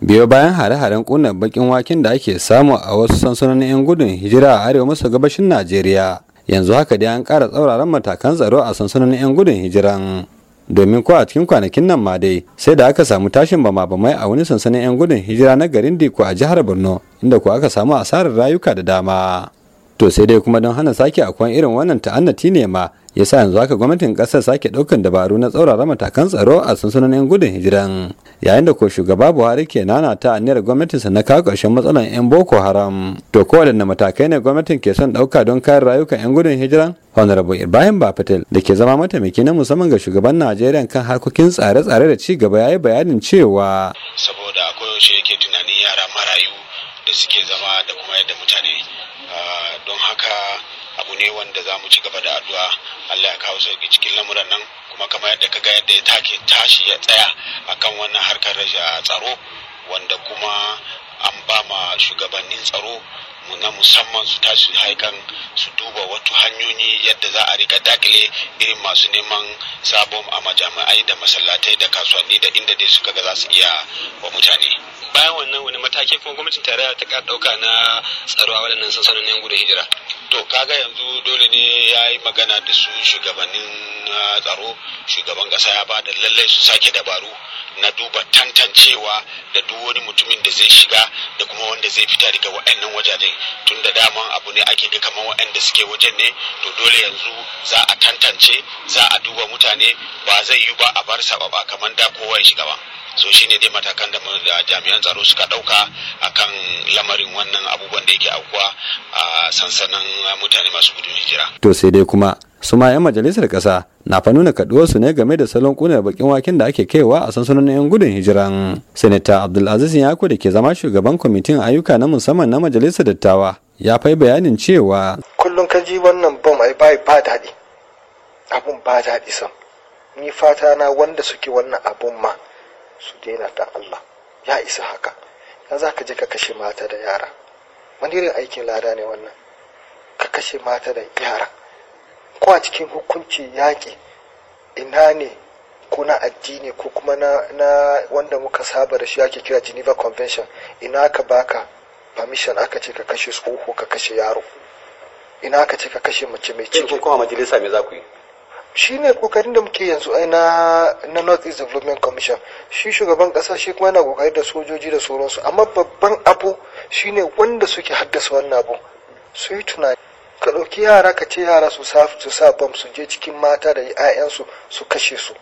biyo bayan hare-haren ƙunar bakin waken da ake samu a wasu sansanonin 'yan gudun hijira a arewa maso gabashin najeriya yanzu haka dai an ƙara tsauraran matakan tsaro a sansanonin 'yan gudun hijiran domin ko a cikin kwanakin nan ma dai sai da aka samu tashin bama bamai a wani sansanin 'yan gudun hijira na garin diko a jihar borno inda ko aka samu asarar rayuka da dama to sai dai kuma don hana sake akwai irin wannan ta'annati ne ma ya sa yanzu haka gwamnatin kasar sake daukan dabaru na tsaurara matakan tsaro a sansanin yan gudun hijiran yayin da ko shugaba buhari ke nana ta aniyar gwamnatinsa na kawo ƙarshen matsalan yan boko haram to ko matakai ne gwamnatin ke son ɗauka don kare rayukan yan gudun hijiran honorable ibrahim bafatel da ke zama mataimaki na musamman ga shugaban najeriya kan harkokin tsare-tsare da ci gaba ya yi bayanin cewa saboda akwai yaushe yake tunanin yara marayu da suke zama da kuma yadda mutane don haka abu ne wanda za mu ci gaba da addu'a Allah ya kawo sauki cikin lamuran nan kuma kamar yadda ka ga yadda ya take tashi ya tsaya akan wannan harkar rashin tsaro wanda kuma an ba ma shugabannin tsaro na musamman su tashi haikan su duba wata hanyoyi yadda za a rika dakile irin masu neman sabon a majami'ai da masallatai da kasuwanni da inda dai suka ga za su iya wa mutane. bayan wannan wani mataki kuma gwamnatin tarayya ta ƙara ɗauka na tsaro a waɗannan sansanonin gudun hijira to kaga yanzu dole ne ya yi magana da su shugabannin ah, tsaro shugaban ƙasa ya ba da lallai su sake dabaru na duba tantancewa da duk wani mutumin da zai shiga da kuma wanda zai fita daga waɗannan wajajen tun da dama abu ne ake ga kamar waɗanda suke wajen ne to dole yanzu za a tantance za a duba mutane ba zai yi ba a bar sababa kamar da kowa ya shiga ba so shine dai matakan da jami'an tsaro suka dauka kan lamarin wannan abubuwan da yake aukuwa a sansanin mutane masu gudun hijira to sai dai kuma su ma 'yan majalisar kasa na fa nuna su ne game da salon kunar bakin waken da ake kaiwa a sansanin 'yan gudun hijiran sanata abdulaziz yako da ke zama shugaban kwamitin ayyuka na musamman na majalisar dattawa ya fai bayanin cewa kullum ka ji wannan bom ai bai ba daɗi abun ba daɗi sam ni fata na wanda suke wannan abun ma su daina ta Allah ya isa haka na za ka je ka kashe mata da yara wani irin aikin lada ne wannan ka kashe mata da yara ko a cikin hukunci yaƙi ina ne ko na addini ko kuma na, wanda muka saba da shi ake kira geneva convention ina ka baka permission aka ce ka kashe tsoho ka kashe yaro ina ka ce ka kashe mace mai ciki kuma majalisa me za ku yi shi ne kokarin da muke yanzu ai na na north east development commission shi shugaban kasa shi kuma yana kokari da sojoji da sauransu amma babban abu shine wanda suke haddasa wannan abu su yi tunani ka ɗauki yara ka ce yara su sa su sa bam su je cikin mata da 'ya'yansu su kashe su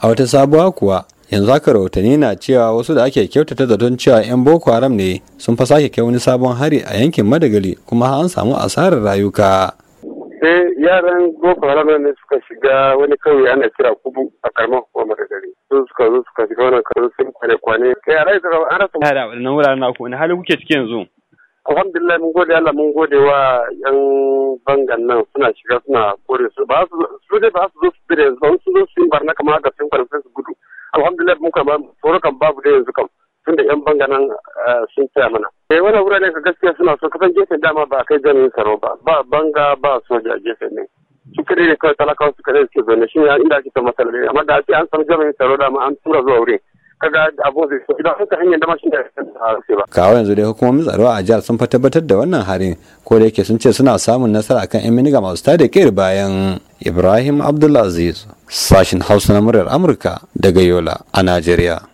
a wata sabuwa kuwa yanzu haka rahotanni na cewa wasu da ake kyautata zaton cewa 'yan boko haram ne sun fa sake kai wani sabon hari a yankin madagali kuma an samu asarar rayuka sai eh, yaran boko haram ne suka shiga wani kauye ana kira kubu a karamar hukumar dare su suka zo suka shiga wannan karo sun kwane kwane eh, kai yara suka an rasa yara wannan wuraren naku wani hali kuke ciki yanzu alhamdulillah mun gode Allah mun gode wa yan bangan nan suna shiga suna kore su ba su dai ba su zo su dire ba su zo su yi barna kamar haka sun kwane sun gudu alhamdulillah mun kama ba tsoro kan babu da yanzu kam tunda yan bangan nan eh, sun tsaya mana eh wannan wurare ka gaskiya suna so kasan gefen dama ba kai ganin tsaro ba ba banga ba soja gefen ne su kare ne kawai talakawa su kare suke zaune shi ne inda ake ta matsala ne amma da ake an san jami'in tsaro dama an tura zuwa wurin kaga abun zai so idan suka hanyar dama shi ne ba. kawai yanzu dai hukumomin tsaro a jihar sun fa tabbatar da wannan harin ko da yake sun ce suna samun nasara akan yan miniga masu tada kir bayan ibrahim abdulaziz sashin hausa na muryar amurka daga yola a najeriya.